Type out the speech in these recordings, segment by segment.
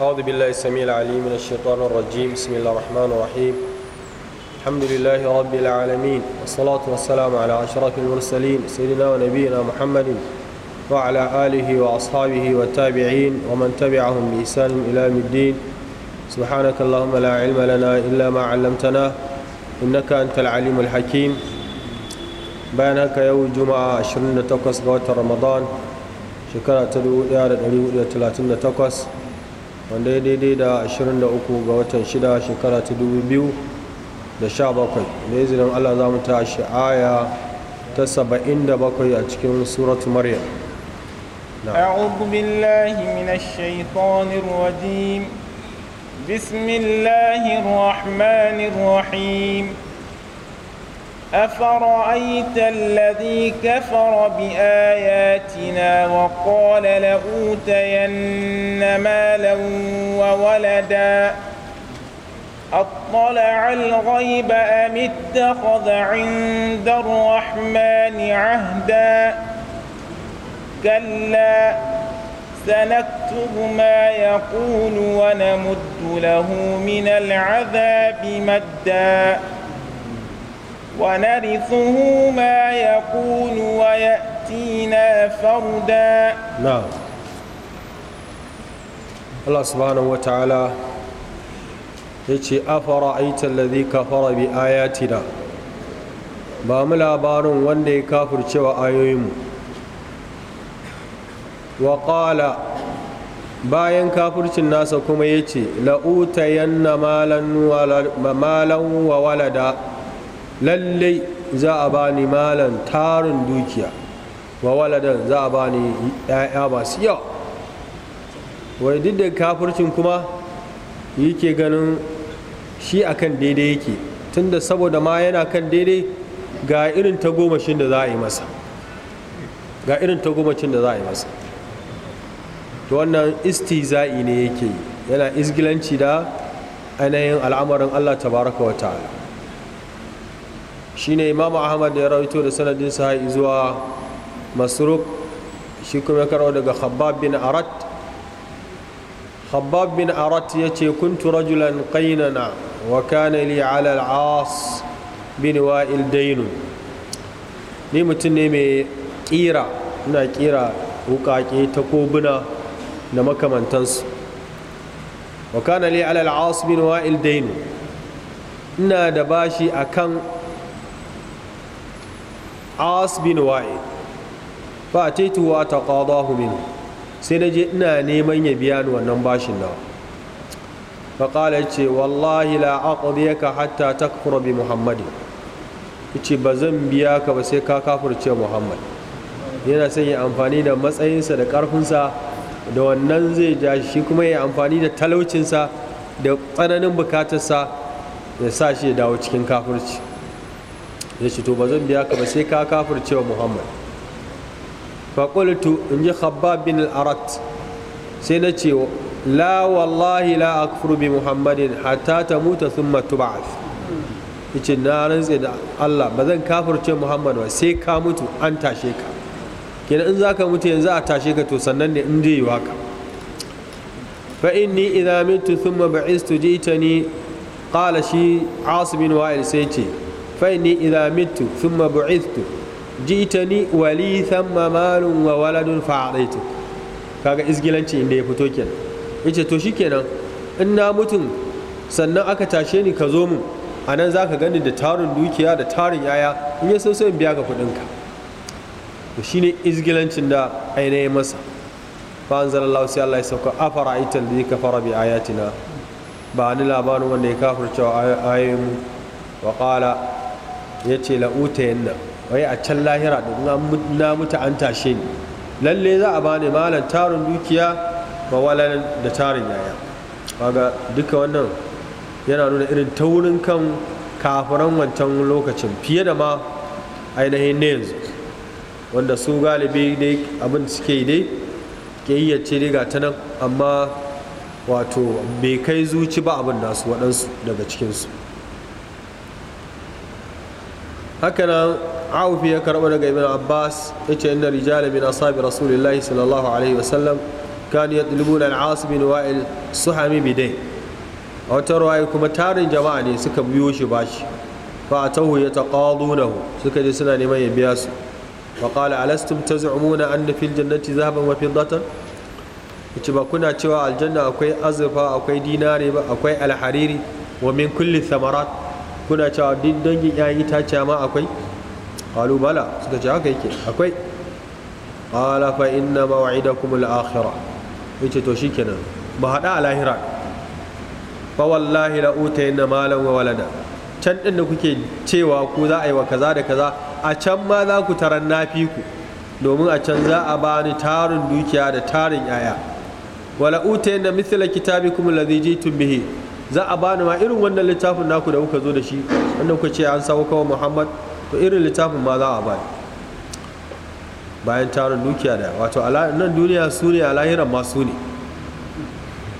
أعوذ بالله السميع العليم من الشيطان الرجيم بسم الله الرحمن الرحيم الحمد لله رب العالمين والصلاة والسلام على أشرف المرسلين سيدنا ونبينا محمد وعلى آله وأصحابه والتابعين ومن تبعهم بإحسان إلى يوم الدين سبحانك اللهم لا علم لنا إلا ما علمتنا إنك أنت العليم الحكيم bayan haka yau juma'a 28 رمضان شكرا ramadan shekara ta wanda ya daidai da 23 ga watan 6 shekara ta 2017 da izinin allah za mu tashi aya ta 77 a cikin suratu maryam أعوذ بالله من الشيطان الرجيم بسم الله الرحمن الرحيم أفرأيت الذي كفر بآياتنا وقال لأوتين مالا وولدا أطلع الغيب أم اتخذ عند الرحمن عهدا كلا سنكتب ما يقول ونمد له من العذاب مدا ونرثه ما يقول ويأتينا فردا نعم الله سبحانه وتعالى yace afara'aita allazi kafara bi ayatina ba mu labarin wanda ya wa ayoyinmu wa qala bayan kafircin nasa kuma yace la'utayanna malan wa walada lallai za a bani malan tarin dukiya wa waladan za a bani ‘ya'ya masu yawa wai duk da kafircin kuma yake ganin shi akan daidai yake tunda saboda ma yana kan daidai ga irin ta da za a yi masa ga irin tagomashin da za a yi masa to wannan istiza'i ne yake yana izgilanci da ainihin al'amarin allah tabaraka wa ta'ala shine imamu ahmad ya rawaito da sanadin sa zuwa masruk shi kuma ya karo daga khabbab bin arat khabbab bin arat ya ce kuntu rajulan qainana wa kana li ala al-as bin wa'il dainu ni mutum ne mai kira ina kira wukake kobuna da makamantansu wa kana li ala al-as bin wa'il dainu ina da bashi akan as bin wa'id fa ataitu wa taqadahu min sai naje ina neman ya biya ni wannan bashin nawa fa qala yace wallahi la aqdiyaka hatta takfura bi muhammadin yace ba zan biya ka ba sai ka kafirce muhammad yana son ya amfani da matsayinsa da karfinsa da wannan zai ja shi kuma ya amfani da talaucinsa da tsananin bukatarsa ya sa shi ya dawo cikin kafirci ya ce to ba zan biya ka ba sai ka kafir cewa muhammad faƙultu in ji khabbab bin al'arat sai na ce la wallahi la akfuru bi muhammadin hatta ta muta sun matu ba'ath yace na rantse da allah ba zan cewa muhammad ba sai ka mutu an tashe ka kenan in za ka mutu yanzu a tashe ka to sannan ne in zai yi waka fa inni idza mitu thumma ba'ithtu jitani qala shi asim bin sai ce فإني ne مت ثم بعثت جئتني ولي ثم مال وولد فأعطيت kaga izgilanci inda ya fito kenan yace to shikenan in na mutum sannan aka tashe ni ka zo mun a nan za ka gani da tarin dukiya da tarin yaya in ya so sai in biya ka kuɗinka to shine izgilancin da ainihin masa fa anzalallahu sai Allah ya sauka afara aital bi kafara bi ayatina ba ni labarin wanda ya kafircewa ayoyin mu wa ya ce la'uta yanna wai a can lahira ɗin na mutu an tashe ni lalle za a bani malan tarin dukiya mawalan da tarin yaya kaga duka wannan yana nuna irin taurin kan kafiran wancan lokacin fiye da ma ainihin ne yanzu wanda su galibi dai abin suke dai ke iya ce dai ga ta nan amma wato bai kai zuci ba abin nasu waɗansu daga cikinsu hakanan awfi ya karɓo daga ibn abbas yace inna rijala min ashabi rasulillahi sallallahu alaihi wasallam kanu yatlubuna al-as bin wa'il suhami bidai a wata ruwaya kuma tarin jama'a ne suka biyo shi bashi fa atahu yataqadunahu suka je suna neman ya biya su fa qala alastum taz'umuna anna fil jannati zahaban wa fiddatan yace ba kuna cewa aljanna akwai azurfa akwai dinare ba akwai alhariri wa min kulli thamarat kuna cewa duk dangin ƴaƴan itaciya ma akwai qalu bala suka ce haka yake akwai qala fa inna maw'idakum al-akhirah yace to shikenan ba hada a lahira fa wallahi la utayna malan wa walada can din da kuke cewa ku za a yi wa kaza da kaza a can ma za ku taran nafi ku domin a can za a bani tarin dukiya da tarin yaya wala utayna mithla kitabikum alladhi jitum bihi za a bani ma irin wannan littafin naku da kuka zo da shi Wannan kuka ce an samu kawai muhammad to irin littafin ma za a bani bayan tarin dukiya da wato nan duniya su ne a lahiran ma su ne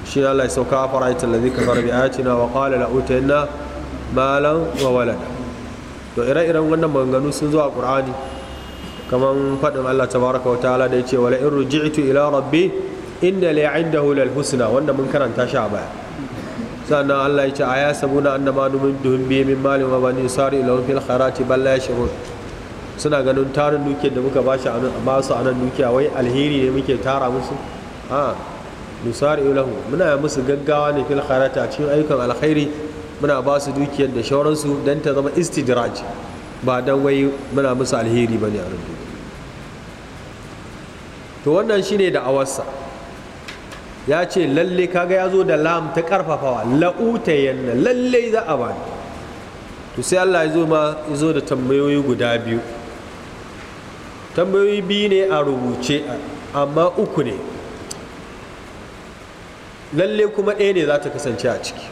shi Allah ya sauka a fara'aitin da zai kafar bi ayatina wa na la utayanna malan wa walada to ire-iren wannan maganganu sun zo a qur'ani kaman faɗin Allah tabaraka wa ta'ala da ya ce wala in ruji'tu ila rabbi inda la lal husna wanda mun karanta shi a baya sannan Allah ya ce a ya samu na annama numin duhun biye min malin wa bani sari ila fil kharati balla ya shirun suna ganin tarin dukiyar da muka bashi a ba su a nan dukiya wai alheri ne muke tara musu a nusari ilahu muna musu gaggawa ne fil kharati a cikin ayyukan alkhairi muna ba su dukiyar da shauransu don ta zama istidraj ba don wai muna musu alheri ba ne a nan to wannan shine da awarsa ya ce lalle kaga ya zo da lam ta karfafawa la'uta yanna lalle za a ba to sai Allah ya zo ma ya zo da tambayoyi guda biyu tambayoyi biyu ne a rubuce amma uku ne lalle kuma ɗaya ne za ta kasance a ciki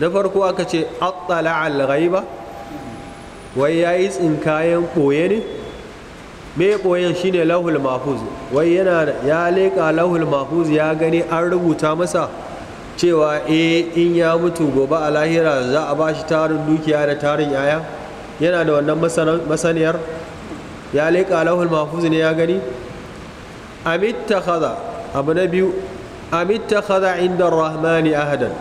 na farko aka ce attala al ghaiba wai yayi tsinkayen ɓoye ne me boyen shine lauhul mahfuz wai yana ya leka lauhul mahfuz ya gani an rubuta masa cewa eh in ya mutu gobe a lahira za a bashi tarin dukiya da tarin yaya yana da wannan masaniyar ya leka lauhul mahfuz ne ya gani amittakhadha abu na biyu amittakhadha inda rahmani ahadan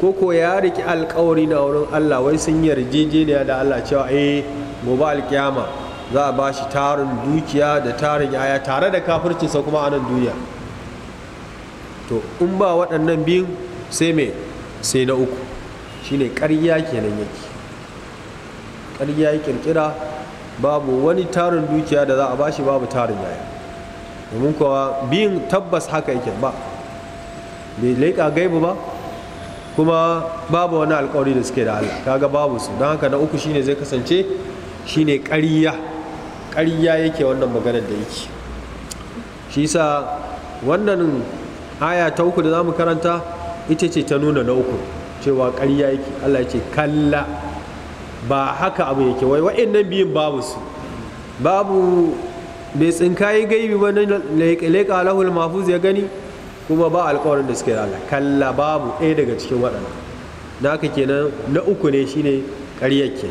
ko ya riki alkawari na wurin Allah wai sun yarjejeniya da Allah cewa eh gobe alkiyama za a ba shi tarin dukiya da tarin yaya tare da kafircinsa kuma a nan duniya to in ba waɗannan biyun sai mai sai na uku shine ƙarya kenan yake ƙarya ya ƙirƙira babu wani tarin dukiya da za a ba shi babu tarin yaya domin kuwa biyun tabbas haka yake ba bai leƙa gaibu ba kuma babu wani alkawari da suke da Allah kaga babu su don haka na uku shine zai kasance shine ƙarya ƙarya yake wannan maganar da yake shi sa wannan aya ta uku da za mu karanta ita ce ta nuna na uku cewa ƙarya yake Allah ya ce kalla ba haka abu yake wai wa'annan biyun babu su babu bai tsinkayi gaibi ba leƙa lahul mafuz ya gani kuma ba alƙawarin da suke da kalla babu ɗaya daga cikin waɗannan na haka kenan na uku ne shine ƙaryar ke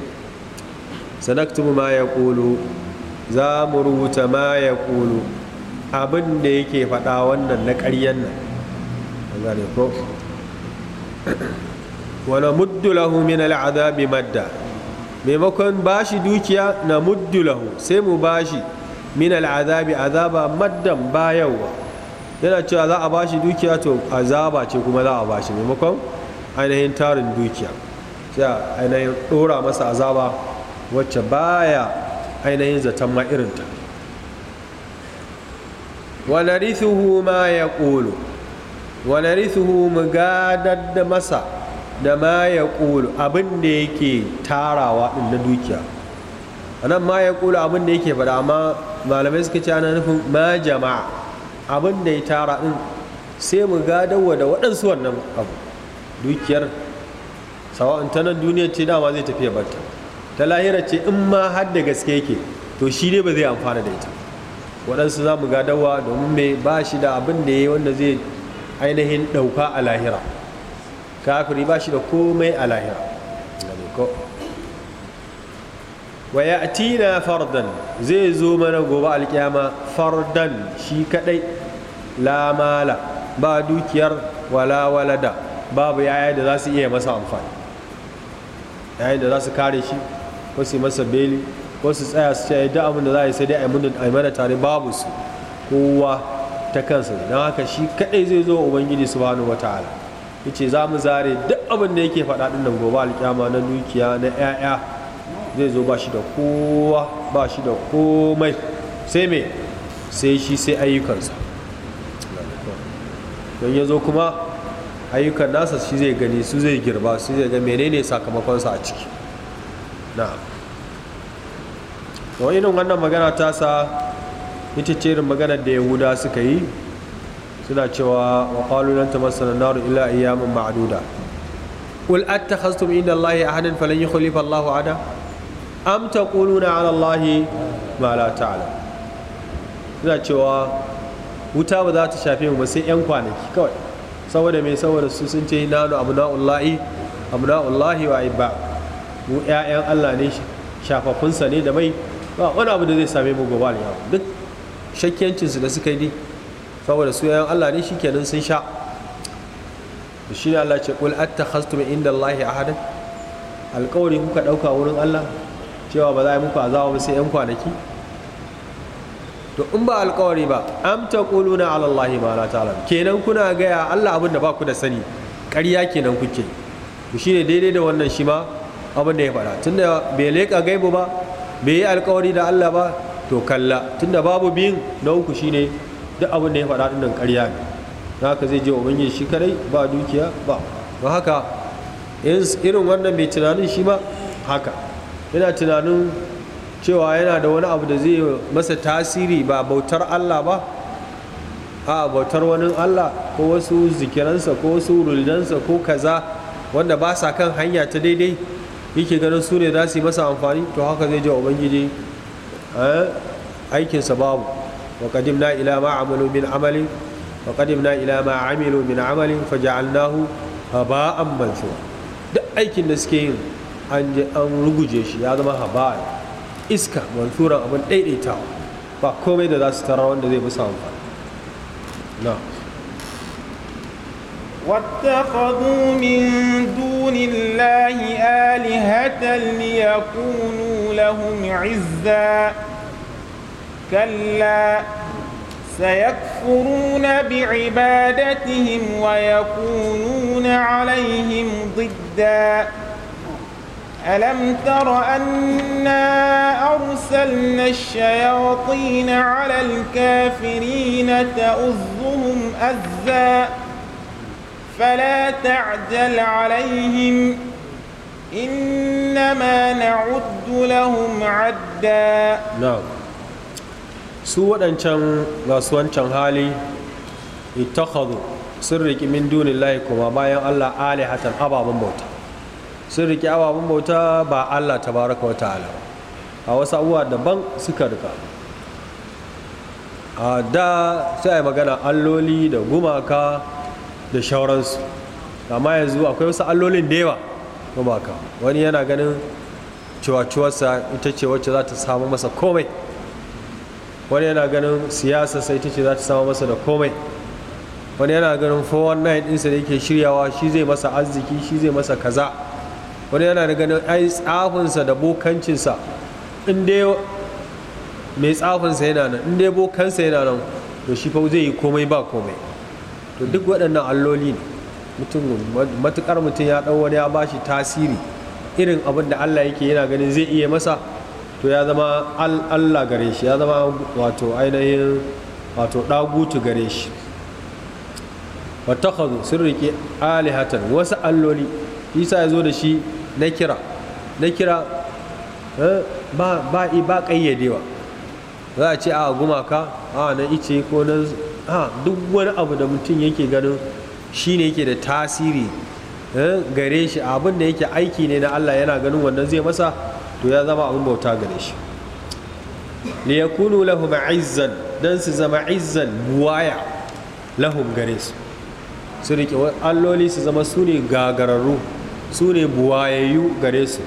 sanaktubu ma ya ƙulu za mu rubuta ma ya kulu abin da yake faɗa wannan na ƙaryan nan wani muddu lahu min al'adabi madda maimakon bashi dukiya na muddu lahu sai mu bashi min al'adabi azaba maddan bayarwa yana cewa za a bashi dukiya to azaba ce kuma za a bashi maimakon ainihin tarin dukiya sai ainihin ɗora masa azaba wacce baya ainihin zaton ma irinta wanarithuhu ma ya ƙulu wanarithuhu mu gadar da masa da ma ya ƙulu abin da yake tarawa ɗin na dukiya a nan ma ya ƙulu abin da yake faɗa amma malamai suka ce ana nufin ma jama'a abin da ya tara ɗin sai mu gadawa da waɗansu wannan abu dukiyar sawa'in ta nan duniya ce dama zai tafiya banta ta lahira ce in ma har da gaske yake to shi ne ba zai amfana da ita waɗansu za mu gadawa domin mai ba shi da abin da ya yi wanda zai ainihin ɗauka a lahira kafiri ba shi da komai a lahira wa ya tina fardan zai zo mana gobe alkyama fardan shi kaɗai lamala ba dukiyar wala walada babu yaya da za su iya masa amfani yayin da za su kare shi ko masa beli ko su tsaya su ce duk abin da za a yi sai dai a yi mana tare babu su kowa ta kansa don haka shi kaɗai zai zo ubangiji ala wataala ce za mu zare duk abin da yake faɗa din nan gobe alƙyama na dukiya na 'ya'ya zai zo ba shi da kowa ba shi da komai sai me sai shi sai ayyukansa don ya zo kuma ayyukan nasa shi zai gani su zai girba su zai ga menene sakamakonsa a ciki na'am to irin wannan magana ta sa ita ce irin magana da yahuda suka yi suna cewa wa qalu lan tamassana nar illa ayyaman ma'duda qul attakhaztum inda allahi falon falan yukhlifa allahu ada am taquluna ala allahi ma la ta'ala. suna cewa wuta ba za ta shafi mu ba sai yan kwanaki kawai saboda me saboda su sun ce nanu abna'ullahi abna'ullahi wa ibba mu 'ya'yan Allah ne shafafunsa ne da mai ba wani abu da zai same mu gaba da yawon duk shakkiyancinsu da suka yi ne saboda su 'ya'yan Allah ne shi kenan sun sha shi ne Allah ce kul mai inda Allah ahadan alƙawari kuka ɗauka wurin Allah cewa ba za a yi muku azaba ba sai 'yan kwanaki to in ba alƙawari ba am ƙulu na alallahi ma la ta'lam kenan kuna gaya Allah abin da ba ku da sani ƙarya kenan kuke to ne daidai da wannan shi ma abin da ya faɗa tunda bai leƙa gaibu ba bai yi alkawari da Allah ba to kalla tunda babu biyun na uku ne duk abin da ya faɗa ɗin ƙarya ne na haka zai je ubangiji shi kadai ba dukiya ba ba haka irin wannan mai tunanin shi ba haka yana tunanin cewa yana da wani abu da zai masa tasiri ba bautar Allah ba a bautar wani Allah ko wasu zikiransa ko wasu rulidansa ko kaza wanda ba sa kan hanya ta daidai yake ganin su ne za su yi masa amfani to haka zai je ubangiji eh, aikinsa babu wa na ila ma amalu min amali wa qadimna ila ma amilu min amali faja'alnahu haba'an mansura duk aikin da suke yin an je an ruguje shi ya zama haba'a iska mansuran abin daidaitawa ba komai da za su tarar wanda zai musu amfani na'am واتخذوا من دون الله آلهة ليكونوا لهم عزا كلا سيكفرون بعبادتهم ويكونون عليهم ضدا ألم تر أنا أرسلنا الشياطين على الكافرين تؤذهم أذًا فلا تعجل عليهم إنما نعد لهم عدا نعم سوى أنشان غسوى أنشان هالي اتخذوا سرك من دون الله كما بايا الله آلهة أبا من بوتا سرك أبا من بوتا با الله تبارك وتعالى أوسع أبوها دبان سكرك a da sai magana alloli da gumaka da shauransu amma yanzu akwai wasu allolin da yawa ba ka wani yana ganin ciwaciwarsa ita ce wacce za ta samu masa komai wani yana ganin siyasa sai ita ce za ta samu masa da komai wani yana ganin 419 ɗinsa da yake shiryawa shi zai masa arziki shi zai masa kaza wani yana da ganin ai tsafinsa da bokancinsa in dai mai tsafinsa yana nan in dai bokansa yana nan to shi fa zai yi komai ba komai to duk waɗannan alloli ne mutum matukar mutum ya ɗau wani ya bashi tasiri irin abin da Allah yake yana ganin zai iya masa to ya zama Allah gare shi ya zama wato ainihin wato ɗagutu gare shi watakhadhu sun riƙe alihatan wasu alloli isa ya zo da shi na kira na kira eh, ba ba ƙayyadewa za a ce a gumaka a na ice ko na duk wani abu da mutum yake ganin shi ne yake da tasiri eh, gare shi abin da yake aiki ne na Allah yana ganin wannan zai masa to ya zama abin bauta gare shi ya kunu lahu ma'izzan don su zama izzan buwaya lahu gare su su rike alloli su zama su ne gagararru su ne buwayayyu gare su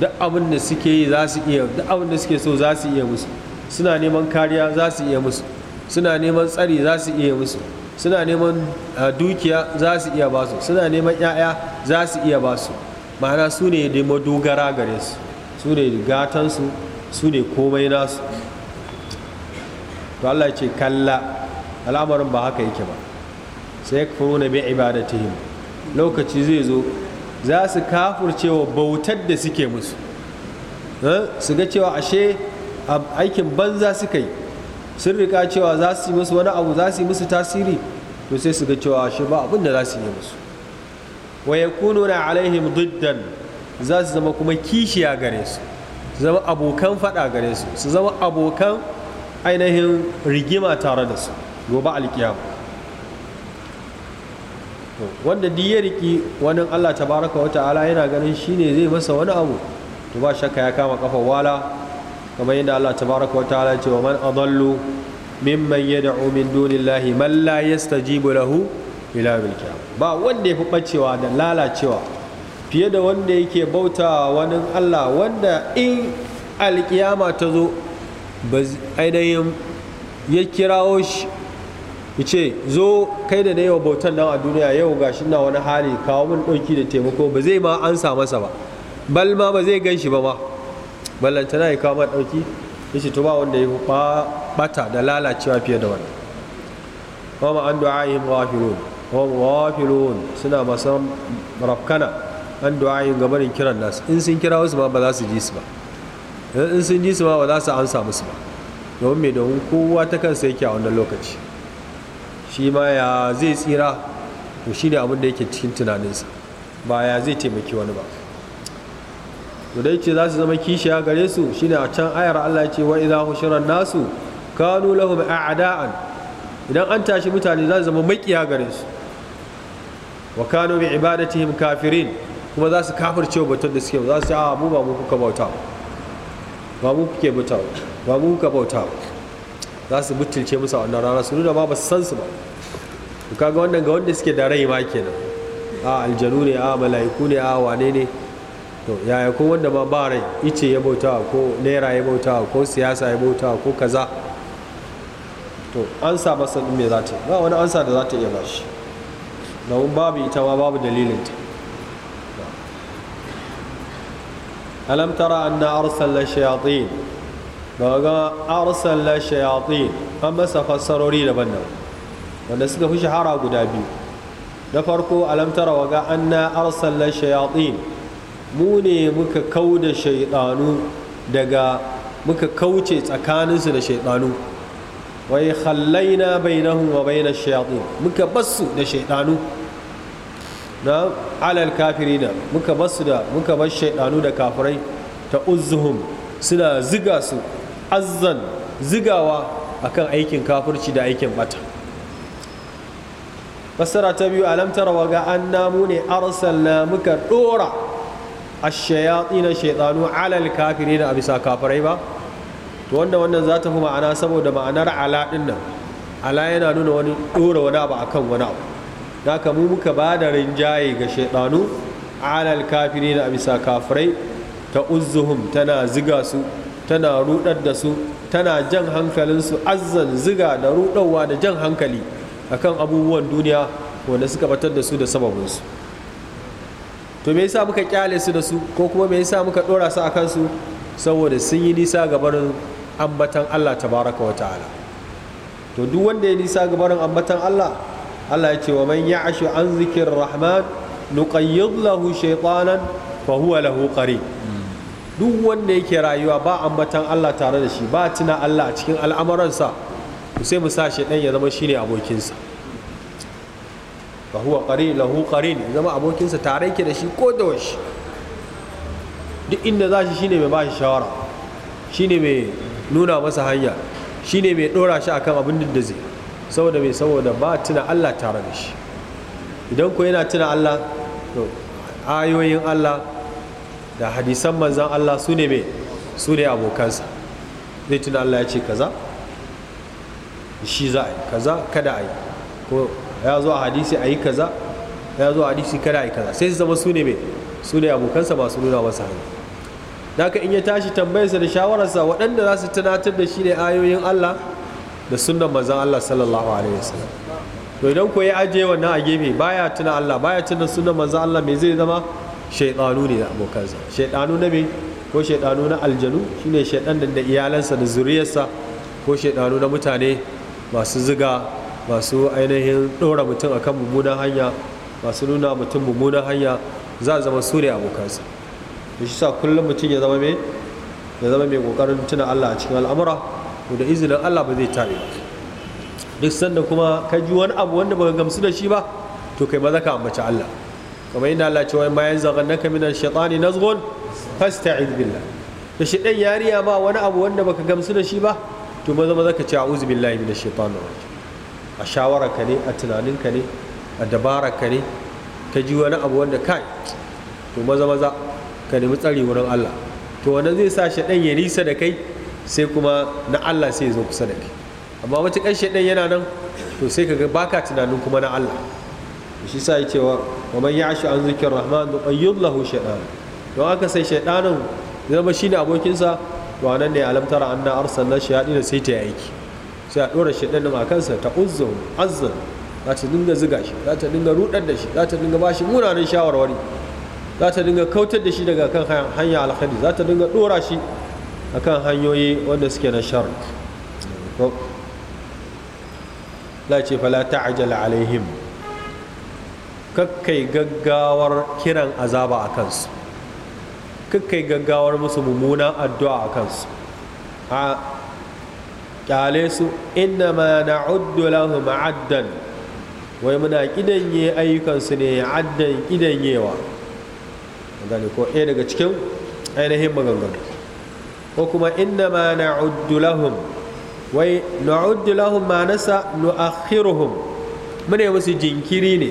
duk abin da suke yi za su iya duk abin da suke so za su iya musu suna neman kariya za su iya musu suna neman tsari za su iya musu suna neman ah, dukiya za su iya ba suna neman 'ya'ya za su iya ba su ma'ana su ne da madogara gare su su ne gatansu su ne komai nasu to Allah ce kalla al'amarin ba haka yake ba sai ya kafaro na bai ibadatihim lokaci zai zo za su kafurcewa bautar da suke musu eh, su ga cewa ashe aikin banza suka yi sun rika cewa za su yi musu wani abu za su yi musu tasiri to sai su ga cewa shi ba abin da za su yi musu wa na alaihim duddan za su zama kuma kishiya gare su Su zama abokan fada gare su su zama abokan ainihin rigima tare da su gobe alkiyama wanda duk ya riki wani Allah tabaraka wa ta'ala yana ganin shi ne zai masa wani abu to ba shakka ya kama kafa wala kamar yadda Allah tabaraka wa ta'ala ce wa man adallu mimman yad'u min dunillahi man la yastajibu lahu ila bil ba wanda yafi bacewa da lalacewa fiye da wanda yake bauta wani Allah wanda in alkiyama ta zo ainihin ya kirawo shi ya ce zo kai da na yau bautan nan a duniya yau ga shi na wani hali kawo min ɗauki da taimako ba zai ma an sa masa ba balma ba zai gan shi ba ma na ya kawo ɗauki ya ce to ba wanda ya bata da lalacewa fiye da wani ma an du'a'ihim ghafilun wama ghafilun suna masu rafkana an du'a'ihim gabarin kiran nasu in sun kira wasu ma ba za su ji su ba in sun ji su ma ba za su amsa musu ba domin mai domin kowa ta kansa yake a wannan lokaci shi ma ya zai tsira to shi ne abin da yake cikin tunaninsa ba ya zai taimaki wani ba to dai ce za su zama kishiya gare su shine a can ayar Allah ce wa idza hushira nasu kanu lahum a'da'an idan an tashi mutane za su zama makiya gare su wa kanu bi ibadatihim kafirin kuma za su kafirce batun da suke za su ce a mu ba mu kuka bauta ba mu kuke bauta ba mu kuka bauta za su butulce musu a wannan rana su nuna ma ba su san su ba kaga wannan ga wanda suke da rai ma kenan a aljanu ne a mala'iku ne a wane ne to yaya ko wanda ma ba rai ice ya bauta ko naira ya bauta ko siyasa ya bauta ko kaza to an sa masa din me za ta ba wani ansa da za ta iya bashi domin babu ita ma babu dalilinta alam tara anna arsala shayatin ba ga arsala shayatin an masa fassarori daban-daban wanda suka fi shahara guda biyu na farko alam tara wa ga anna arsala shayatin mu ne muka kau da shaidanu daga muka kauce tsakaninsu da shaidanu wai hallaina bainahum wa bainash shayatin muka basu da shaidanu na alal kafirina muka basu da muka bar shaidanu da kafirai ta uzuhum suna ziga su azzan zigawa akan aikin kafirci da aikin bata fassara ta biyu alam tara waga anna mu ne arsalna muka dora ashayatina shayatin shaytanu ala al a bisa kafirai ba to wanda wannan za ta fi ma'ana saboda ma'anar ala din nan ala yana nuna wani dora wani abu a kan wani abu ka mu muka ba da rinjaye ga shaytanu ala al-kafirin a bisa kafirai ta uzuhum tana ziga su tana rudar da su tana jan hankalinsu azzan ziga da rudarwa da jan hankali akan abubuwan duniya wanda suka batar da su da sababinsu to me yasa muka kyale su da su ko kuma me yasa muka dora su akan su saboda sun yi nisa ga barin ambatan Allah tabaraka wa ta'ala to duk wanda ya nisa ga barin ambatan Allah Allah ya ce wa man ya'ashu an zikir rahman nuqayyid lahu shaytanan fa huwa lahu qari duk wanda yake rayuwa ba ambatan Allah tare da shi ba tuna Allah a cikin al'amuransa sai mu sa ɗan ya zama shine abokinsa fa huwa qarin lahu qarin zama abokinsa tare yake da shi ko da washi duk inda za shi shine mai ba shi shawara shine mai nuna masa hanya shine mai dora shi akan abin da zai saboda mai saboda ba tuna Allah tare da shi idan ko yana tuna Allah to ayoyin Allah da hadisan manzan Allah su ne mai su ne abokansa zai tuna Allah ya ce kaza shi za a yi kaza kada a yi ya zo a hadisi a yi kaza ya zo a hadisi kada a yi kaza sai su zama su ne mai su ne abokansa masu nuna masa hanyar haka in ya tashi tambayarsa da shawararsa waɗanda za su tunatar da shi ne ayoyin Allah da sunan mazan Allah sallallahu alaihi wasallam to idan ko ya ajiye wannan a gefe baya tuna Allah baya tuna sunan mazan Allah me zai zama shaidanu ne da abokansa shaidanu na me ko shaidanu na aljanu shine shaidan da iyalansa da zuriyarsa ko shaidanu na mutane masu ziga masu ainihin ɗora mutum akan mummunan hanya masu nuna mutum mummunan hanya za a zama su ne abokansa da shi sa kullum mutum ya zama mai ya zama mai tuna Allah a cikin al'amura da izinin Allah ba zai tare ba duk sanda kuma ka ji wani abu wanda ba gamsu da shi ba to kai maza ka ambaci Allah kamar yana Allah cewa ma yanzu zagannaka min ash-shaytani nazghun fasta'id billah da shi ɗan yariya ba wani abu wanda baka gamsu da shi ba to maza maza ka ce a'udhu billahi minash shaitanir rajim a shawararka ne a tunaninka ne a dabararka ne ka ji wani abu wanda kai to maza maza ka nemi tsari wurin Allah to wanda zai sa shaɗan ya nisa da kai sai kuma na Allah sai ya zo kusa da kai amma matuƙar shaɗan yana nan to sai ka ga ka tunanin kuma na Allah shi sa ya cewa wa man shi an zikin rahman nuqayyid lahu shaɗan don aka sai shaɗanun zama shi ne abokinsa to nan ne na arsan na shaɗi da sai ta yi aiki sai a ɗora shaidan a kansa ta uzzun azzun za ta dinga ziga shi za ta dinga rudar da shi za ta dinga bashi munanan shawarwari za ta dinga kautar da shi daga kan hanya a za ta dinga ɗora shi akan hanyoyi wanda suke na shar la ce fala ta'jala alaihim kakkai gaggawar kiran azaba a kansu kakkai gaggawar musu mummuna addu'a a kansu a kyale su inna ma na'uddu lahum ma'addan wai muna kidanye ayyukansu ne addan kidanyewa gani ko ɗaya daga cikin ainihin maganganu ko kuma inna ma na'uddu lahum wai na'uddu lahu ma nasa nu'akhiruhum mune musu jinkiri ne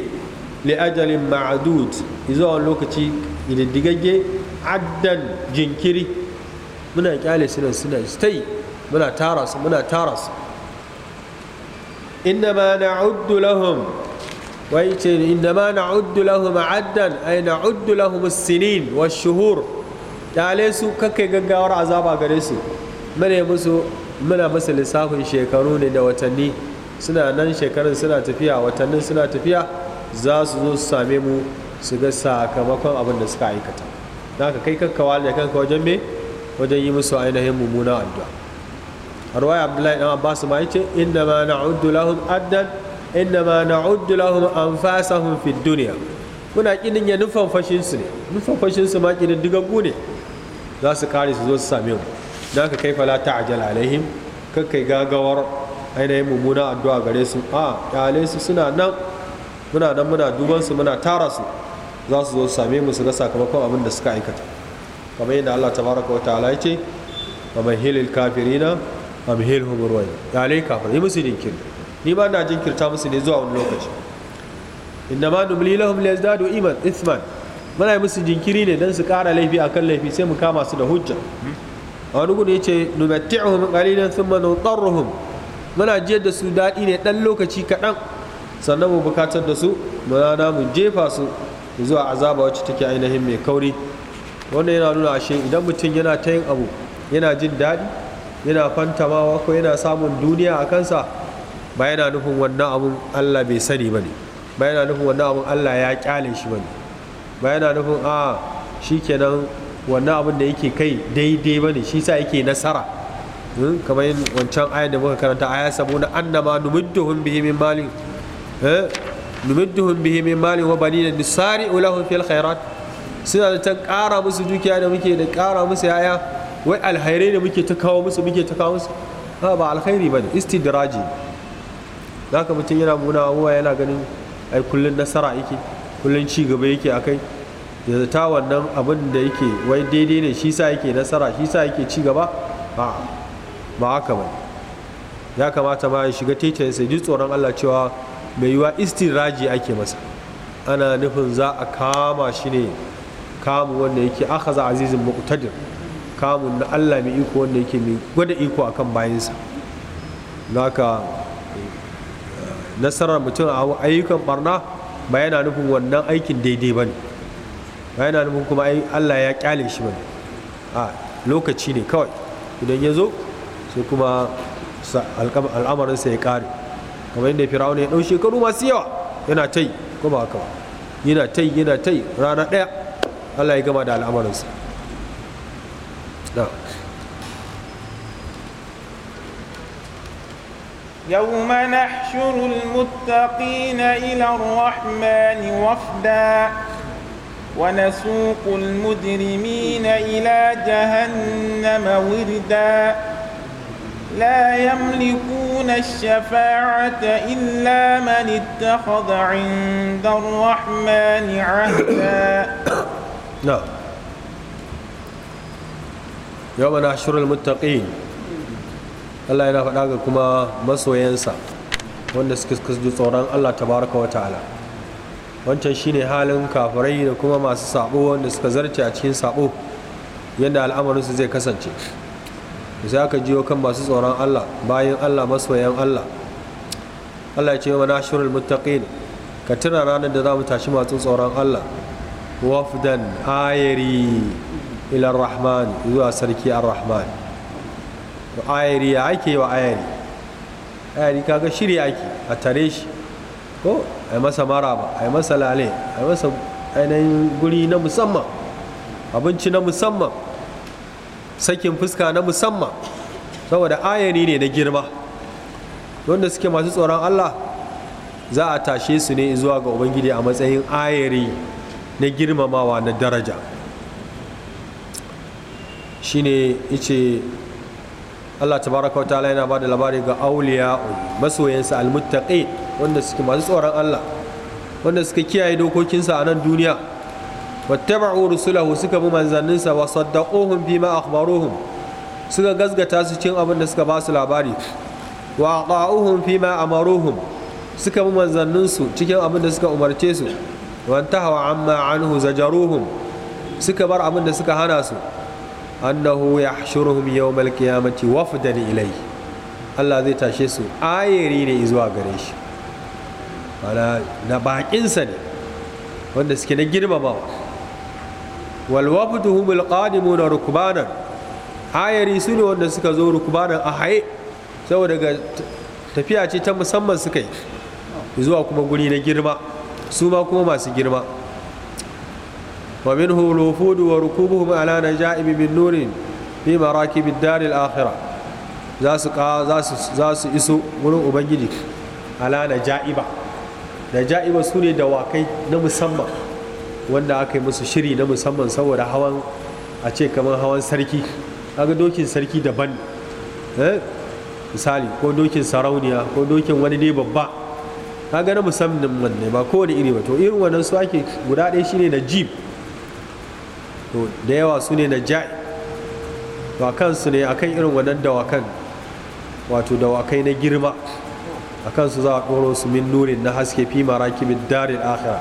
li ajalin ma'dud zuwa lokaci ididdigagge addan jinkiri muna kyale suna suna stay muna tara su muna tara su lahum lahum addan ay lahum sinin shuhur dale su kakai gaggawar azaba gare su mune musu muna musu lissafin shekaru ne da watanni suna nan shekarun suna tafiya watannin suna tafiya za su zo su same mu su ga sakamakon abin da suka aikata za ka kai kakkawa da kanka wajen me wajen yi musu ainihin mummuna addu'a ruwaya abdullahi dan abbas ma yace inna ma na'uddu lahum addan inna ma na'uddu lahum anfasahum fid dunya muna kinin ya nufan fashin su ne nufan fashin su ma kinin digagu ne za su kare su zo su same mu dan ka kai fala ta'jal alaihim kakkai gagawar ainihin mumuna, addu'a gare su a kyale su suna nan muna nan muna duban muna tara su za su zo su same mu su ga sakamakon abin da suka aikata kamar yadda Allah tabaraka wa ta'ala ya ce kafirina abhil hum ya lai kafin yi musu dinkir ni ba na jinkirta musu ne zuwa wani lokaci inna ma numli lahum zadu iman isman muna yi musu jinkiri ne don su kara laifi akan laifi sai mu kama su da hujja a wani gudu ya yace numatti'uhum qalilan thumma nudarruhum muna jiyar da su daɗi ne ɗan lokaci kaɗan sannan mu bukatar da su rana mu jefa su zuwa azaba wacce take ainihin mai kauri wannan yana nuna ashe idan mutum yana ta yin abu yana jin daɗi yana fantamawa ko yana samun duniya a kansa ba yana nufin wannan abun Allah bai sani ba ne ba yana nufin wannan abun Allah ya kyale shi ba ne ba yana nufin a shi kenan wannan abun da yake kai daidai ba ne shi sa yake nasara hmm, kamar yin wancan ayan da muka karanta aya sabuna annama numidduhum bihi min malin bihimin eh, bihi min malin wa da nisari ulahun fil khairat suna da ta kara musu dukiya da muke da kara musu yaya wai alhairai ne muke ta kawo musu muke ta kawo musu ba alkhairi ba ne istidraji za ka mutum yana muna wa yana ganin ai kullum nasara yake kullum ci gaba yake kai. ya ta wannan abin da yake wai daidai ne shi sa yake nasara shi sa yake ci gaba ba ba haka ba ya kamata ma ya shiga tetayen sai ji tsoron Allah cewa mai yiwa istiraji ake masa ana nufin za a kama shi ne Kama wanda yake aka za azizin muqtadir kamun na Allah mai iko wanda yake mai gwada iko akan bayansa naka nasarar mutum a ayyukan barna ba yana nufin wannan aikin daidai ba ne ba yana nufin kuma Allah ya kyale shi ba a lokaci ne kawai idan ya zo sai kuma al'amarinsa ya kare kamar yadda firawuna ya ɗau shekaru masu yawa yana ta yi kuma haka yana ta yi yana ta yi rana ɗaya Allah ya gama da al'amarinsa لا يوم نحشر المتقين إلى الرحمن وفدا ونسوق المجرمين إلى جهنم وردا لا يملكون الشفاعة إلا من اتخذ عند الرحمن عهدا لا نعم. yau na shirin muttaqin Allah yana faɗa ga kuma masoyansa wanda suka kasance tsoron Allah tabaraka wa ta'ala wancan shine halin kafirai da kuma masu sabo wanda suka zarce a cikin sabo yadda al'amarinsu zai kasance za ka jiyo kan masu tsoron Allah bayan Allah masoyan Allah Allah ya ce wa nashirul muttaqin ka tuna ranar da za mu tashi masu tsoron Allah wafdan ayari ilar rahman zuwa sarki ar-rahman ayari ya ake yi wa ayari ayari kaga shirya ake a tare shi ko a masa maraba a masa lale a masa ainihin guri na musamman abinci na musamman sakin fuska na musamman saboda ayari ne na girma wanda suke masu tsoron allah za a tashe su ne zuwa ga ubangiji a matsayin ayari na girmamawa na daraja shine yace Allah tabaraka wa ta'ala yana bada labari ga auliya masoyansa almuttaqi wanda suke masu tsoron Allah wanda suka kiyaye dokokinsa a nan duniya wattaba'u rusulahu suka bi manzanninsa wa saddaquhum bima akhbaruhum suka gasgata su cikin abin da suka ba su labari wa ata'uhum fima amaruhum suka bi manzanninsu cikin abin da suka umarce su wa antahawa amma anhu zajaruhum suka bar abin da suka hana su annahu yahshuruhum yawmal qiyamati wafdan ilai Allah zai tashe su ayeri ne zuwa gare shi wala na baƙinsa ne wanda suke na girmama wal wafduhum al qadimuna rukbanan ayari su ne wanda suka zo rukbanan a haye saboda ga tafiya ce ta musamman suka yi zuwa kuma guri na girma su ma kuma masu girma ومنهم الوفود وركوبهم على نجائب من نور في مراكب الدار الآخرة زاس زاس زاس إسو ولو أبنجدك على نجائب نجائب سوني دواكي نمسمى wanda aka yi musu shiri na musamman saboda a ce kamar hawan sarki aga dokin sarki daban misali ko dokin sarauniya ko dokin wani ne babba kaga na musamman ne ba kowane iri ba to irin wannan su ake guda ɗaya shine na jeep to da yawa su ne na ja'i kansu ne akan irin wannan dawakan wato dawakai na girma a kansu za a ɗoro su min nurin na haske fi kimin darin akira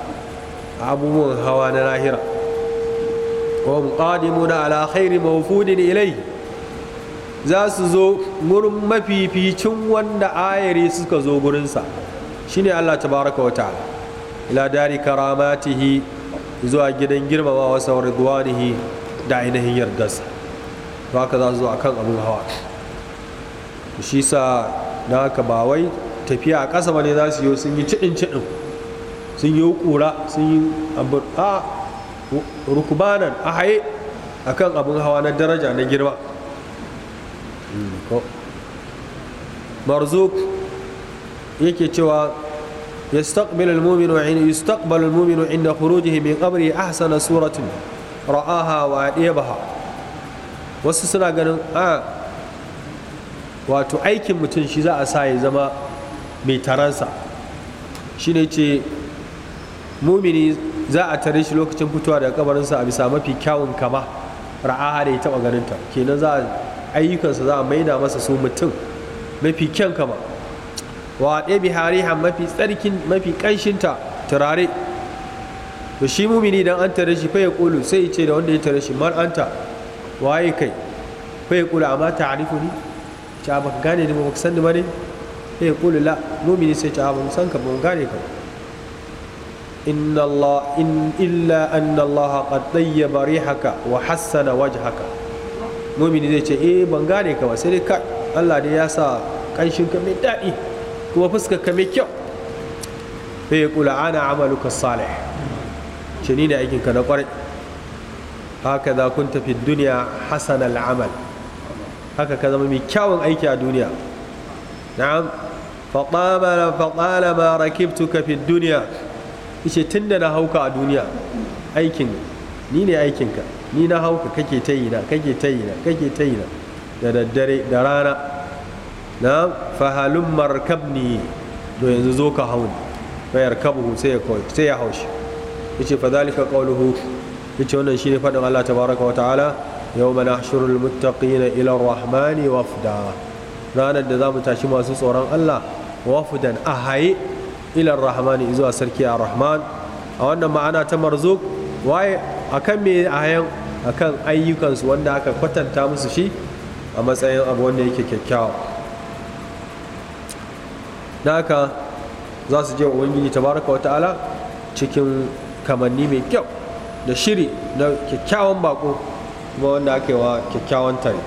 a abubuwan hawa na lahira wa muqadimuna ala khairi mawfudin ilai za su zo wurin mafificin wanda ayari suka zo gurinsa shine Allah tabaraka wa ta'ala ila dari karamatihi zuwa gidan girmamawa sa ridwanihi da ainihin yardarsa ba ka za su zuwa kan abin hawa shi sa na haka ba wai tafiya a ƙasa ba ne za su yi sun yi ciɗin ciɗin sun yi hukura sun yi a rukubanan a haye a kan abin hawa na daraja na girma hmm, marzuk yake cewa يستقبل المؤمن يستقبل المؤمن عند خروجه من قبره أحسن سورة رآها وأديبها wasu suna ganin a wato aikin mutum shi za a sa ya zama mai taransa shi ne ce mumini za a tare shi lokacin fitowa daga kabarinsa a bisa mafi kyawun kama ra'aha da ya taɓa ganinta kenan za a ayyukansa za a maida masa su mutum mafi kyan kama wa ɗebi hariha mafi tsarkin mafi ƙanshinta turare to shi mumini dan an tare shi fa ya kulu sai ce da wanda ya tare shi mar anta waye kai fa ya kulu amma ta'rifu ni ta baka gane ni baka san ni ne fa ya kulu la mumini sai ta ba san ka ba gane ka inna allah in illa anna allah qad tayyaba rihaka wa hassana wajhaka mumini zai ce eh ban gane ka ba sai dai ka Allah dai ya sa kanshin ka mai daɗi kuma fuskar ka mai kyau sai ya kula ana amaluka salih ce ni ne aikinka na kwarai haka za kun tafi duniya hasan al'amal haka ka zama mai kyawun aiki a duniya na'am faɗaɓa faɗaɓa ma rakibtuka fi duniya ce tun da na hauka a duniya aikin ni ne aikinka ni na hauka kake ta yi na kake ta yi na kake ta yi na da daddare da rana na fahalun markabni to yanzu zo ka hau bayar kabu sai ya koyi sai ya haushi yace fa zalika qawluhu yace wannan ne faɗin Allah tabaraka wa ta'ala yawma nahshurul muttaqina ila rahmani wafda ranar da zamu tashi masu tsoron Allah wafdan a haye ila rahmani zuwa sarki a rahman a wannan ma'ana ta marzuk waye akan me a kan ayyukansu wanda aka kwatanta musu shi a matsayin abu wanda yake kyakkyawa da haka za su je wa ubangiji tabaraka wata'ala cikin kamanni mai kyau da shiri na kyakkyawan bako kuma wanda aka wa kyakkyawan tare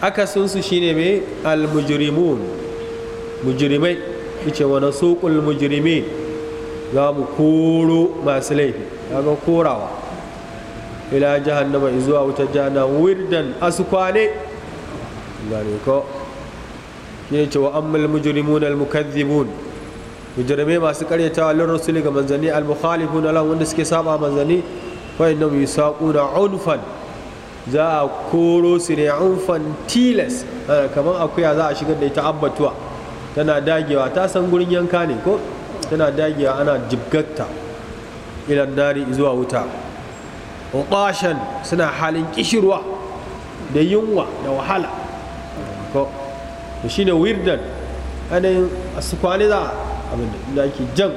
akasinsu shine mai almujrimun mujrimai ice wani suƙul za mu koro masu laifi kaga korawa ila jahannama zuwa wutar jahannama wirdan asu kwane ko ya ce wa ammal mujrimun al mukaththibun mujrime masu karyatawa lin rasuli ga manzani al mukhalifun Allah wanda suke saba manzani fa innahum yusaquna unfan za a koro su ne unfan tilas eh, kamar akuya za a shigar da ita abbatuwa tana dagewa ta san gurin yanka ne ko tana dagewa ana jibgatta ilan dari zuwa wuta uqashan suna halin kishirwa da yunwa da wahala to shine wirdan ainihin su kwane za a da ake jan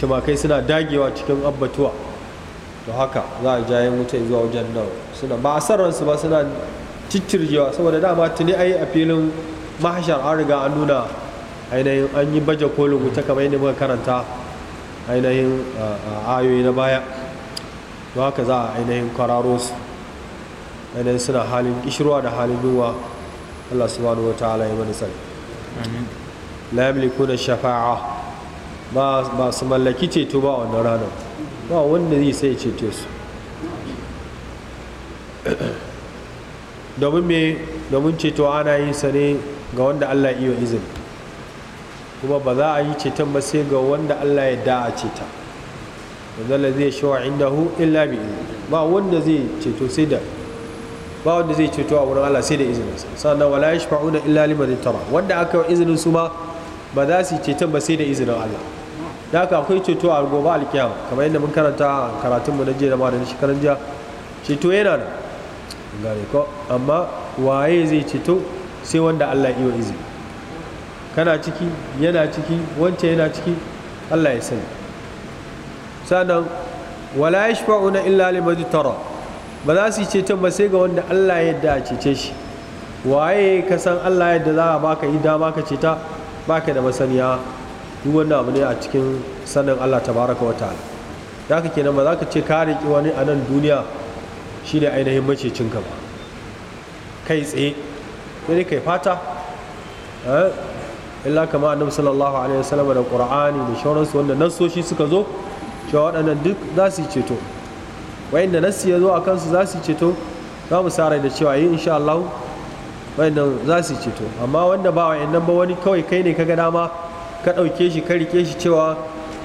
tumakai suna dagewa cikin abbatuwa to haka za a jayen wuta zuwa wajen nan suna ba a ransu ba suna ciccirjewa saboda dama tuni a yi a filin mahashar an riga an nuna ainihin an yi baje kolin wuta kamar yadda muka karanta ainihin ayoyi na baya to haka za a ainihin kwararo su ainihin suna halin kishirwa da halin yunwa Allah subhanahu ala ya mana sani la yamlikuna shafa'a ba ba su mallaki ceto ba wannan ranar ba wanda zai sai ceto su domin me domin ceto ana yin sa ne ga wanda Allah iya izin kuma ba za a yi ceton ba sai ga wanda Allah ya da a ceta wanda zai shawa hu illa bi ba wanda zai ceto sai da ba wanda zai ceto a wurin Allah sai da izininsa sannan wala yashfa'una illa liman tara wanda aka yi izinin su ma ba za su ceton ba sai da izinin Allah da haka akwai ceto a gobe alkiyama kamar yadda mun karanta a karatun mu na jiya da ma da shekaran jiya ceto yana nan gane ko amma waye zai ceto sai wanda Allah ya yi wa izini kana ciki yana ciki wancan yana ciki Allah ya sani sannan wala yashfa'una illa liman tara ba za su yi ceton ba sai ga wanda Allah ya yadda a cece shi waye ka san Allah yadda za a baka yi dama ka ceta baka da masaniya duk wannan abu ne a cikin sanin Allah tabaraka wata ta'ala da ka kenan ba za ka ce ka riƙi wani a nan duniya shi ne ainihin macicin ka ba kai tsaye sai kai fata eh? illa kama annabi sallallahu alaihi wasallam da qur'ani da shauransu wanda nasoshi suka zo cewa waɗannan duk za su yi ceto wayanda nassi ya zo a kansu za su ceto za mu sarai da cewa yi eh, insha Allah za su ceto amma wanda ba wayannan ba wani kawai kai ne kaga dama ka dauke shi ka rike shi cewa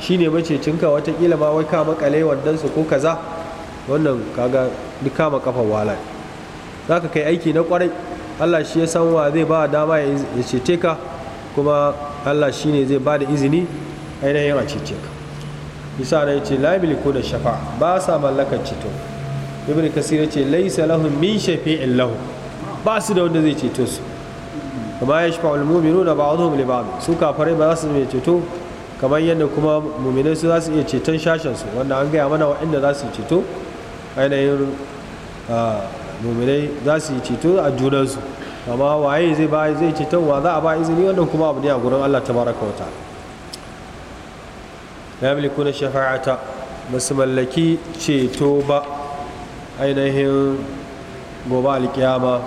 shine macecinka watakila ma wai ka makale wannan su ko kaza wannan kaga duk kama kafa wala za kai aiki na kwarai Allah shi ya san wa zai ba dama ya cece ka kuma Allah shi zai ba da izini ainihin a cece ka isa da ce la yamliku da shafa ba sa mallakar ceto ibn kasir ce laysa lahum min shafi'in lahu ba su da wanda zai ceto su kuma ya shafa al-mu'minu da ba'dhum li ba'd su kafirai ba za su zai ceto kamar yadda kuma mu'minai su za su iya ceton shashin su wanda an gaya mana wa'anda za su ceto ainihin ah, mu'minai za su yi ceto a junansu amma waye zai ba zai ceton wa za a ba izini wannan kuma abu ne a gurin Allah tabaraka wa ta'ala la yamlikuna shafa'ata ba su mallaki ceto ba ainihin gobe alkiyama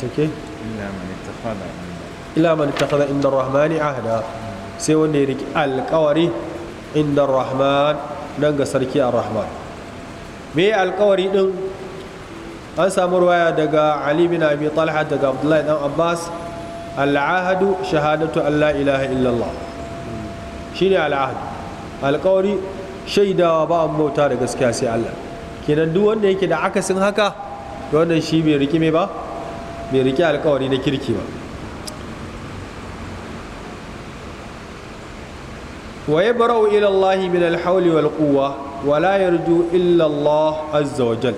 take ila man ittakhadha inda rahmani ahda sai wanda ya riki alkawari inda rahman dan ga sarki ar-rahman me alkawari din an samu ruwaya daga ali bin abi talha daga abdullahi dan abbas al-ahadu shahadatu allah la ilaha illallah shine al'ahd alƙawari shaidawa ba an bauta da gaskiya sai Allah kenan duk wanda yake da akasin haka da wannan shi bai riki me ba bai riki alƙawari na kirki ba wa yabra'u ila Allah min al-hawli wal quwwa wa la yarju illa Allah azza wa jal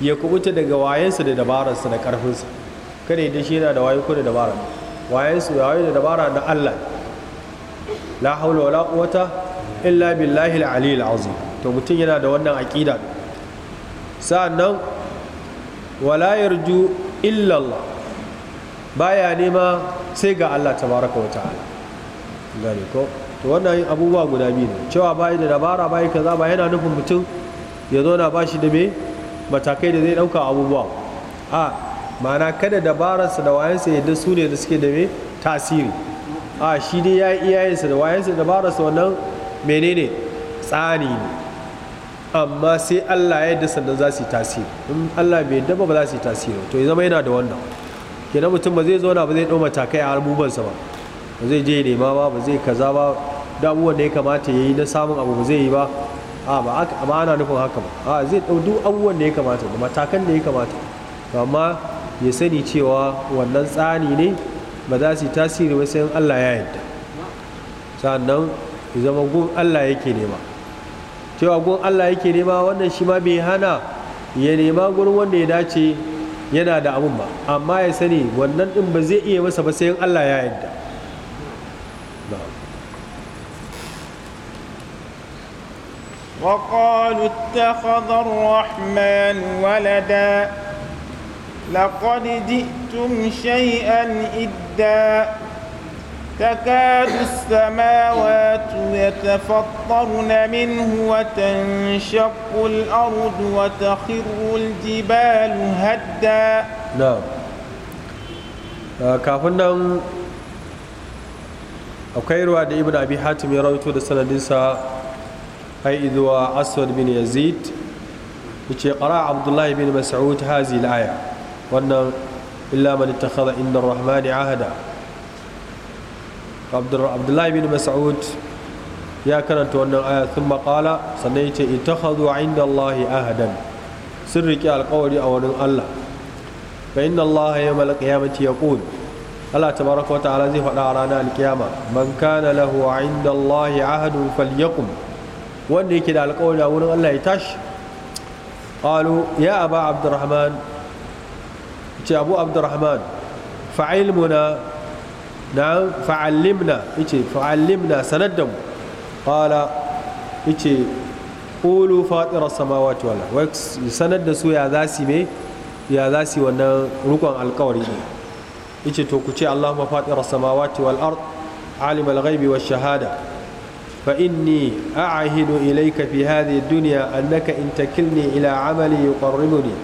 ya kubuta daga wayensa da dabararsa da karfinsa kada idan shi yana da wayo ko da dabara da wayo da dabara da Allah la haula wala quwata illa billahi al-ali azim to mutum yana da wannan aqida sa'annan wala yarju illa Allah baya nema sai ga Allah tabaraka wa ta'ala gane ko to wannan abubuwa guda biyu ne cewa bai da dabara bai kaza ba yana nufin mutum ya zo na bashi da me matakai da zai dauka abubuwa a ma'ana kada dabararsa da wayansa yadda su ne da suke da me tasiri a shi dai ya yi iyayensa da wayansa da barasa wannan menene tsani ne amma sai Allah ya yadda sannan za su yi tasiri in Allah bai daba ba za su yi tasiri to ya zama yana da wannan kenan mutum ba zai zauna ba zai ɗau matakai a albubansa ba ba zai je nema ba ba zai kaza ba da abubuwan da ya kamata ya yi na samun abu ba zai yi ba a ba ana nufin haka ba a zai ɗau duk abubuwan da ya kamata da matakan da ya kamata amma ya sani cewa wannan tsani ne ba za su yi tasiri ba sai Allah ya yarda sannan zama gun Allah yake nema cewa gun Allah yake nema wannan shi ma bai hana ya nema gurin wanda ya dace yana da abun ba amma ya sani wannan ɗin ba zai iya masa ba sai Allah ya yadda وقالوا اتخذ الرحمن ولدا لقد جئتم شيئا إدا تكاد السماوات يتفطرن منه وتنشق الأرض وتخر الجبال هدا نعم آه، كافنا نعم. أوكي رواد ابن أبي حاتم يرويته دسنا دنسا أي إذوى أسود بن يزيد يقرأ عبد الله بن مسعود هذه الآية wannan illa man ittakhadha inda rahmani ahada abdullahi bin mas'ud ya karanta wannan aya sun maƙala sannan ya ce a inda allahi ahadan sun riƙe alƙawari a wurin allah fa inna allaha yawmal ya yaqul Allah tabaraka wa ta'ala zai faɗa a ranar alkiyama man kana lahu inda allahi ahadun falyaqum wanda yake da alƙawari a wurin allah ya tashi qalu ya aba abdurrahman ce abu abdurrahman fa'ilmuna na fa'allimna yace fa'allimna sanar da mu qala yace samawati sanar da su ya zasi me ya wannan rukun alkawari ne yace to ku ce allahumma fatira samawati wal ard alim al ghaibi wash shahada فإني أعهد إليك في هذه الدنيا أنك ila تكلني إلى عملي يقربني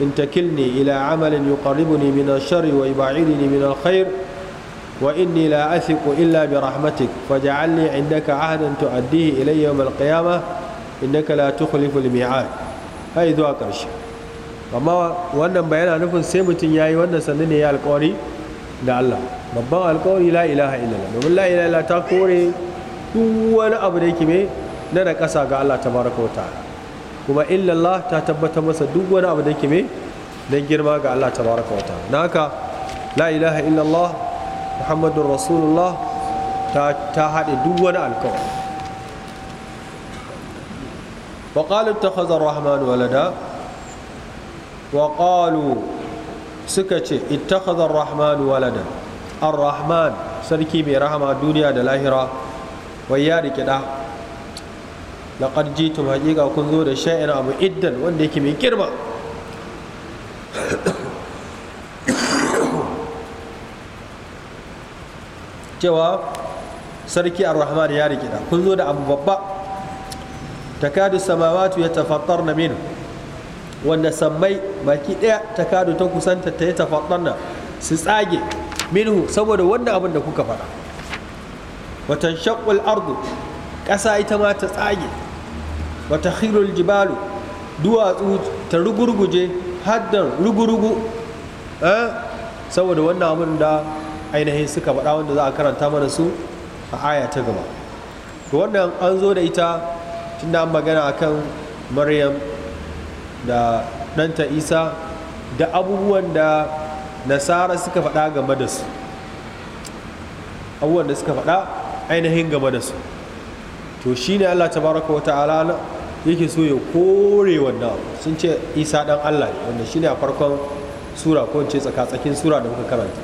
إن تكلني إلى عمل يقربني من الشر wa من الخير وإني لا أثق إلا برحمتك فاجعلني عندك عهدا تؤديه إلي يوم القيامة إنك لا تخلف الميعاد هاي ذو أكرش amma wannan bayana nufin sai mutum ya yi wannan sannu ne ya alkawari da Allah babban alkawari la ilaha illallah domin la ilaha ta kore duk wani abu da yake mai na da ƙasa ga Allah ta wa ta'ala kuma illallah ta tabbatar masa duk wani abu da yake na girma ga Allah tabaraka wa ta'ala dan haka la ilaha illallah muhammadur rasulullah ta ta hade duk wani alkawari wa qalu ittakhadha rahman walada wa suka ce ittakhadha ar-rahman walada ar-rahman sarki mai rahama duniya da lahira wai ya rike da laqad jitum haqiqa kun zo da sha'ir abu iddan wanda yake mai girma cewa sarki ar-rahman ya da kun zo da abu babba takadu samawatu ya tafattar na min wanda sammai baki ɗaya takadu ta kusanta ta ya tafattar na su tsage minhu saboda wannan abin da kuka faɗa watan shakul ardu ƙasa ita ma ta tsage wa takhirul jibalu duwatsu ta rugurguje haddan rugurugu eh, saboda wannan abin da ainihin suka faɗa wanda za a karanta mana su a aya ta gaba to wannan an zo da ita tun da magana akan maryam da ɗanta isa da abubuwan da nasara suka faɗa game da su abubuwan da suka faɗa ainihin game da su to shi ne allah ta baraka wa ta'ala yake so ya kore wannan sun ce isa dan allah ne wanda shine a farkon sura ko ce tsakatsakin sura da muka karanta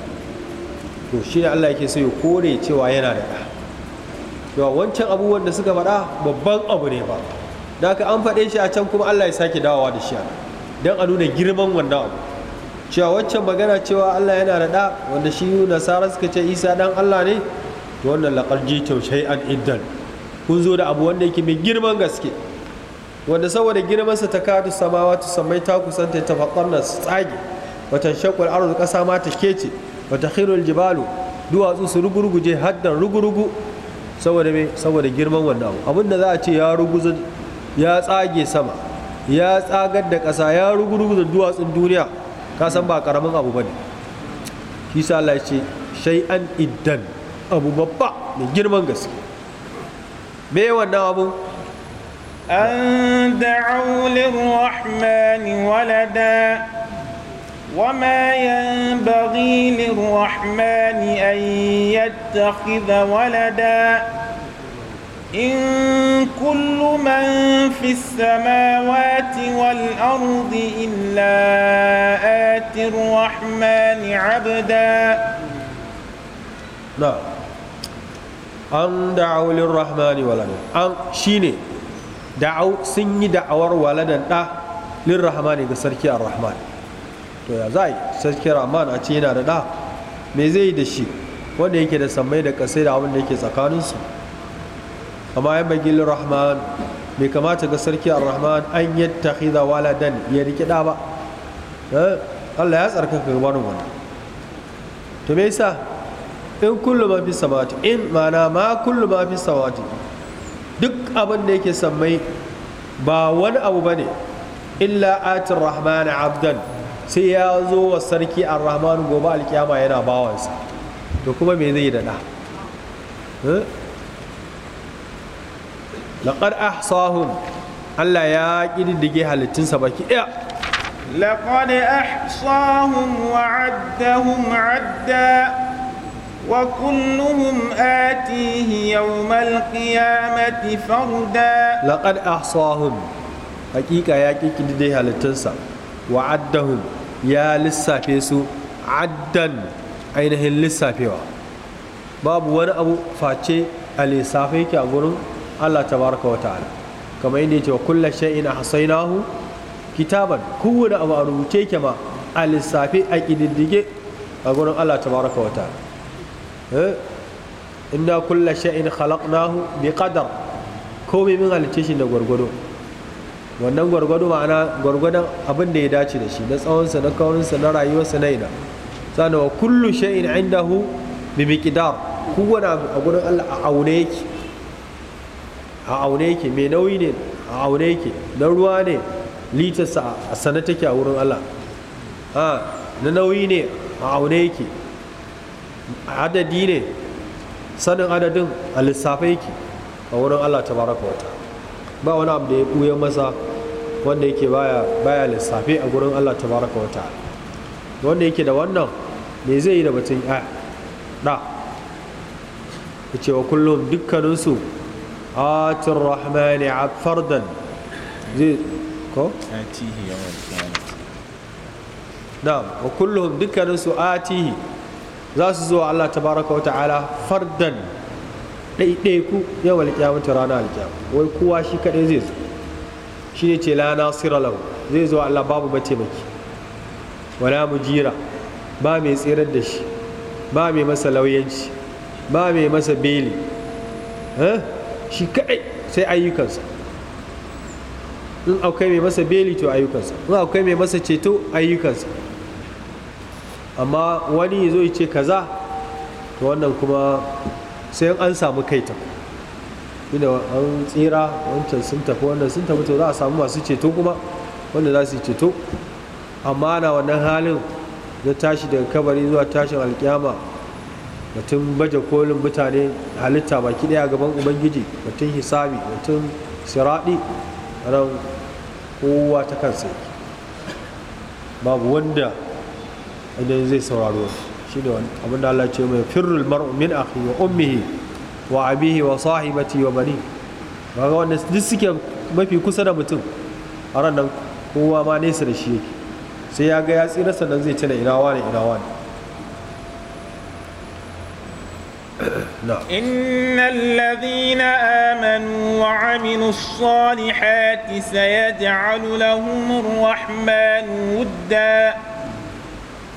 to shine allah yake so ya kore cewa yana da ɗa yawa wancan abubuwan da suka faɗa babban abu ne ba da aka an faɗe shi a can kuma allah ya sake dawowa da shi don a nuna girman wannan abu cewa waccan magana cewa allah yana da ɗa wanda shi nasara suka ce isa dan allah ne to wannan laƙar taushe an iddan kun zo da abu wanda yake mai girman gaske wanda saboda girmansa ta kadu samawa ta samai ta kusanta ta faƙarna su tsage wata shakwar arzu ƙasa ma ta kece wata khirul jibalu duwatsu su rugurguje haddan rugurugu saboda me saboda girman wannan abu abin da za a ce ya ruguza ya tsage sama ya tsagar da ƙasa ya rugurguza duwatsun duniya ka san ba karamin abu bane shi sa Allah ya ce shay'an iddan abu babba mai girman gaske me wannan abu أن دعوا للرحمن ولدا وما ينبغي للرحمن أن يتخذ ولدا إن كل من في السماوات والأرض إلا آتي الرحمن عبدا لا نعم. أن دعوا للرحمن ولدا أن شيني da'au sun yi da'awar waladan ɗa lirrahmani ga sarki ar-rahman to ya sarki rahman a ce yana da ɗa me zai yi da shi wanda yake da sammai da kasai da abin da yake tsakaninsu amma ya bagi rahman bai kamata ga sarki ar-rahman an yattakhidha waladan ya riki da ba eh, Allah ya tsarkaka gabanin wannan to me yasa in kullu ma fi samawati in mana ma kullu ma fi samawati duk abin da yake sammai ba wani abu ba ne illa atin rahman abdan sai ya zo wa sarki ar-rahman gobe alkiyama yana bawansa to kuma me zai dada? laƙar sahun allah ya ƙididdige halittinsa baki ɗaya laƙar ahsahun wa'addahun adda وكلهم آتيه يوم القيامة فردا لقد أحصاهم حقيقة يا كيكي هالتنسى وعدهم يا لسا فيسو عدا ainihin lissafewa babu wani abu face a lissafe yake a gurin Allah tabaraka wa ta'ala kamar inda yake wa kulla shay'in ahsaynahu kitaban kowane abu a rubuce yake ma a lissafe a a gurin Allah tabaraka wa Eh? inna kulla sha'in khalaqnahu bi qadar komai min halicce shi da gwargwado wannan gwargwado ma'ana gwargwadon abin da ya dace da shi na tsawonsa na kawunsa na rayuwarsa na ina sana wa kullu shay'in indahu bi miqdar kowane abu a gurin Allah a aune yake a aune yake mai nauyi ne a aune yake na ruwa ne litarsa a sanata take a wurin Allah ah, na nauyi ne a aune yake adadi ne sanin adadin a lissafai ki a wurin allah ta baraka wata ba wani abu da ya ɓuya masa wanda yake baya baya lissafe a gurin allah ta baraka wata wanda yake da wannan me zai yi da batun ya da ya ce wa kullum dukkaninsu atin rahmani a fardan zai ko? atihi yawon da wa kullum dukkaninsu atihi za su zuwa Allah Wa ta'ala fardan ɗaiɗaiku yawan alƙiyamata rana alƙiyama wai kowa shi kaɗai zai zo shi ne ce la siralau zai zo Allah babu mataimaki wala mu jira. ba mai tsirar da shi ba mai masa lauyanci ba mai masa beli eh? shi kaɗai sai ayyukansa in akwai mai masa beli to ayyukansa in akwai mai masa ceto ayyukansa amma wani zo ya ce kaza to wannan kuma sai an samu ta inda an tsira wancan sun tafi wannan sun tafi to za a samu masu ceto kuma wanda za su ceto amma ana wannan halin na tashi daga kabari zuwa tashin alkiyama batun baje kolin mutane halitta baki daya gaban ubangiji batun hisabi batun siraɗi ran kowa ta kansa babu wanda idan zai sauraro shi ne abin da Allah ce mai firrul mar'u akhi wa ummihi wa abihi wa sahibati wa bani ba ga wanda duk suke mafi kusa da mutum a ran nan kowa ma nesa da shi yake sai ya ga ya tsira sannan zai tana ina wani ina wani إن الذين آمنوا وعملوا الصالحات سيجعل لهم الرحمن وداً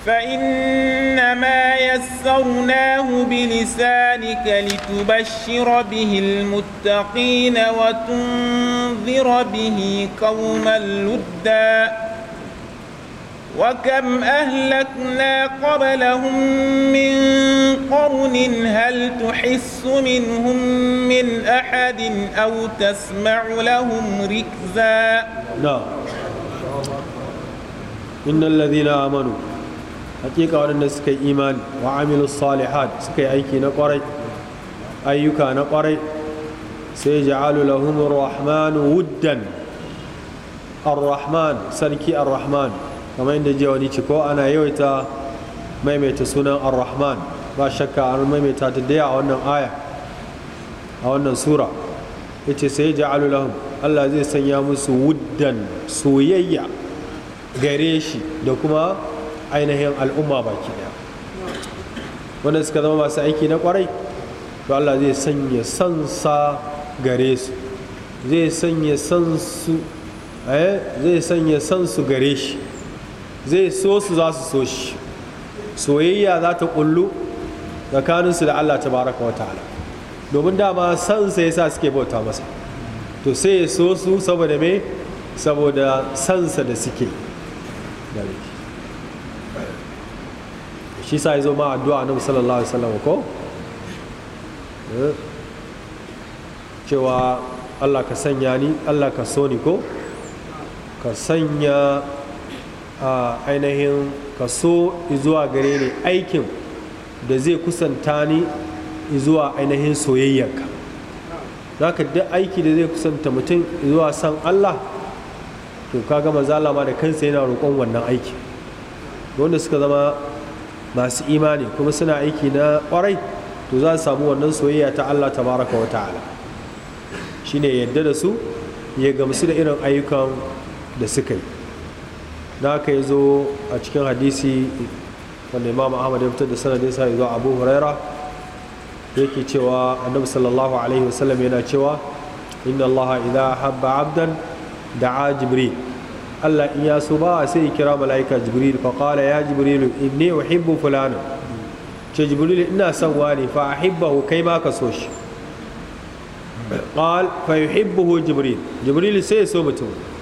فإنما يسرناه بلسانك لتبشر به المتقين وتنذر به قوما لدا وكم أهلكنا قبلهم من قرن هل تحس منهم من أحد أو تسمع لهم ركزا نعم إن الذين آمنوا hakika waɗanda suka yi imani wa amilu salihat suka yi aiki na ƙwarai ayyuka na ƙwarai sai ja'alu lahum rahmanu wuddan ar-rahman sarki ar-rahman kamar yadda jiya wani ciko ana yawaita maimaita sunan ar-rahman ba shakka an maimaita ta daya a wannan aya a wannan sura yace sai ja'alu lahum Allah zai sanya musu wuddan soyayya gare shi da kuma ainihin al'umma baki daya wanda suka zama masu aiki na kwarai to Allah zai sanya sansa gare su zai sanya sansu eh zai sanya sansu gare shi zai so su za su so shi soyayya za ta kullu tsakaninsu da Allah ta baraka wa ta'ala domin dama sansa sa suke bauta masa to sai ya so su saboda me saboda sansa da suke gare shi shi sa ya zo ma addu'a na musallallahu alaihi wasallam ko eh? cewa Allah ka sanya ni Allah ka so ni ko ka sanya a ainihin ka so zuwa gare ni aikin da zai kusanta ni zuwa ainihin soyayyarka za ka duk aiki da zai kusanta mutum zuwa san Allah to ka gama zalama da kansa yana roƙon wannan aiki wanda suka zama masu imani kuma suna aiki na kwarai to za su samu wannan soyayya ta Allah tabaraka wa ta'ala shine yadda da su ya gamsu da irin ayyukan da suka yi da aka yi zo a cikin hadisi wanda imam ahmad ya fitar da sanadin sa zuwa abu huraira yake cewa annabi sallallahu alaihi wasallam yana cewa inna allaha idha habba abdan da'a jibril Allah in ya so ba sai ya kira mala'ika jibril fa qala ya jibril inni uhibbu fulana ce jibril ina son wani fa ahibbahu kai ma ka so shi qal fa yuhibbuhu jibril jibril sai ya so mutum